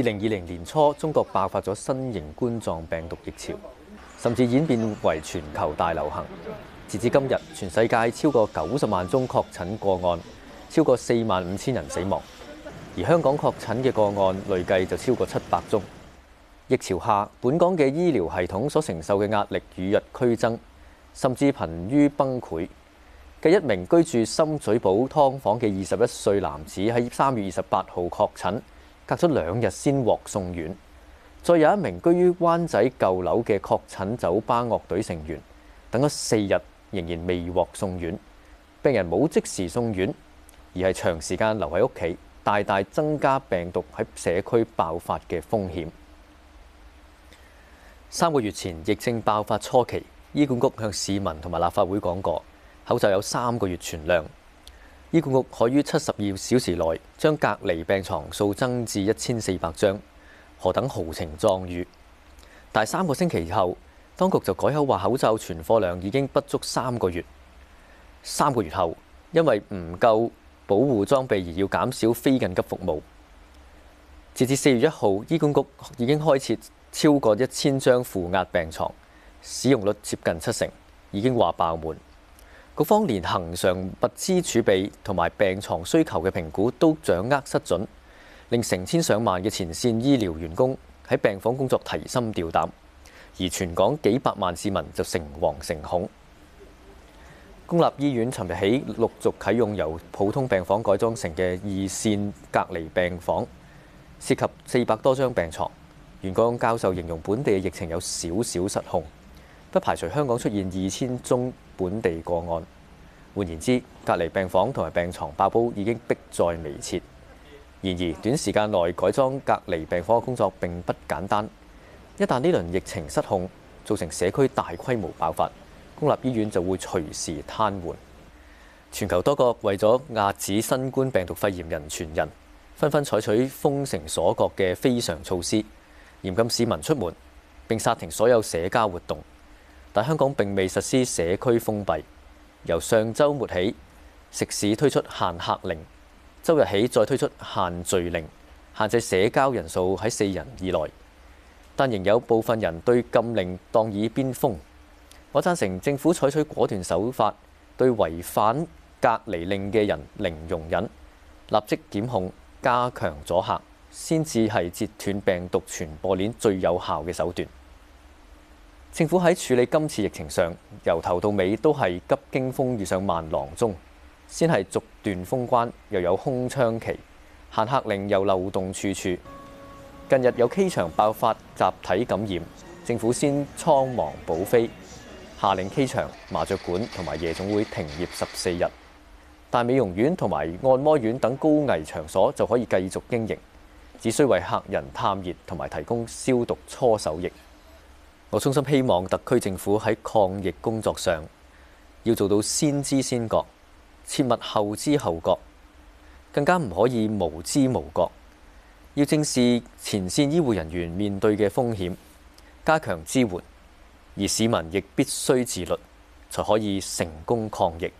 二零二零年初，中國爆發咗新型冠狀病毒疫潮，甚至演變為全球大流行。截至今日，全世界超過九十萬宗確診個案，超過四萬五千人死亡。而香港確診嘅個案累計就超過七百宗。疫潮下，本港嘅醫療系統所承受嘅壓力與日俱增，甚至瀕於崩潰。嘅一名居住深水埗劏房嘅二十一歲男子喺三月二十八號確診。隔咗兩日先獲送院，再有一名居於灣仔舊樓嘅確診酒吧樂隊成員，等咗四日仍然未獲送院。病人冇即時送院，而係長時間留喺屋企，大大增加病毒喺社區爆發嘅風險。三個月前疫症爆發初期，醫管局向市民同埋立法會講過，口罩有三個月存量。醫管局可於七十二小時內將隔離病床數增至一千四百張，何等豪情壯語！但三個星期後，當局就改口話口罩存貨量已經不足三個月。三個月後，因為唔夠保護裝備而要減少非緊急服務。截至四月一號，醫管局已經開設超過一千張負壓病床，使用率接近七成，已經話爆滿。各方連恆常物資儲備同埋病床需求嘅評估都掌握失準，令成千上萬嘅前線醫療員工喺病房工作提心吊膽，而全港幾百萬市民就誠惶誠恐。公立醫院尋日起陸續啟用由普通病房改裝成嘅二線隔離病房，涉及四百多張病床。袁國勇教授形容本地嘅疫情有少少失控。不排除香港出現二千宗本地個案。換言之，隔離病房同埋病床爆煲已經迫在眉睫。然而，短時間內改裝隔離病房嘅工作並不簡單。一旦呢輪疫情失控，造成社區大規模爆發，公立醫院就會隨時癱瘓。全球多國為咗壓止新冠病毒肺炎人傳人，紛紛採取封城鎖國嘅非常措施，嚴禁市民出門，並剎停所有社交活動。但香港並未實施社區封閉，由上週末起，食肆推出限客令，周日起再推出限聚令，限制社交人數喺四人以內。但仍有部分人對禁令當耳邊風。我贊成政府採取果斷手法，對違反隔離令嘅人零容忍，立即檢控，加強阻嚇，先至係截斷病毒傳播鏈最有效嘅手段。政府喺處理今次疫情上，由頭到尾都係急驚風遇上慢郎中，先係逐段封關，又有空窗期，限客令又漏洞處處。近日有 K 場爆發集體感染，政府先倉忙補飛，下令 K 場、麻雀館同埋夜總會停業十四日，但美容院同埋按摩院等高危場所就可以繼續經營，只需為客人探熱同埋提供消毒搓手液。我衷心希望特區政府喺抗疫工作上要做到先知先覺，切勿後知後覺，更加唔可以無知無覺。要正視前線醫護人員面對嘅風險，加強支援，而市民亦必須自律，才可以成功抗疫。